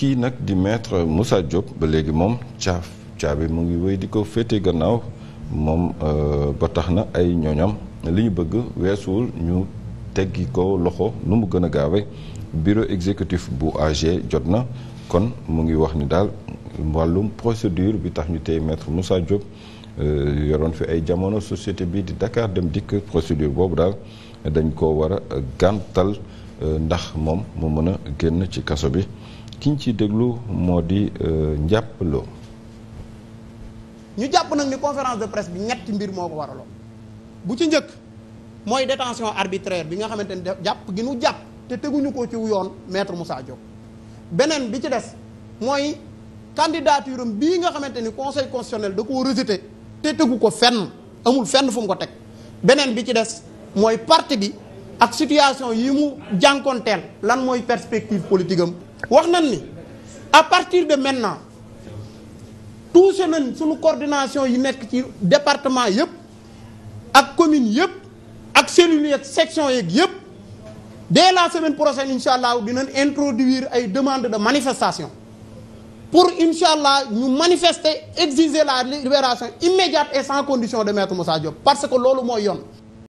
kii nag di metre Moussa Diop ba léegi moom caaf caabi mu ngi wéy di ko féete gannaaw moom euh, ba tax na ay ñooñam li ñu bëgg weesuwul ñu teggi ko loxo nu mu gën a gaawe bureau exécutif bu age jot na kon mu ngi wax ni daal wàllum procédure bi tax ñu tey maître Moussa Diop euh, yoroon fi ay jamono société bi di Dakar dem dikk procédure boobu daal dañ ko war a gàntal euh, ndax moom mu mën a génn ci kaso bi ki ñu ciy déglu moo di euh, Ndiap Lo ñu jàpp nag ni conférence de presse bi ñetti mbir moo ko waraloo bu ci njëkk mooy détention arbitraire bi nga xamante ni jàpp gi nu jàpp te teguñu ko ci yoon maître Moussa Diop beneen bi ci des mooy candidature am bii nga xamante ni conseil constitutionnel da koo rejeté te tegu ko fenn amul fenn fu ko teg beneen bi ci des mooy parti bi ak situation yi mu jànkoonteel lan mooy perspective politique am wax nañ ni à partir de maintenant touché nañ suñu coordination yi nekk ci département yëpp ak commune yëpp ak cellules yeeg section yeeg yëpp dès la semaine prochaine incha allah dinañ introduire ay demande de manifestation pour incha allah ñu manifester exiger la libération immédiate et sans condition de maître Moussa Diop parce que loolu mooy yoon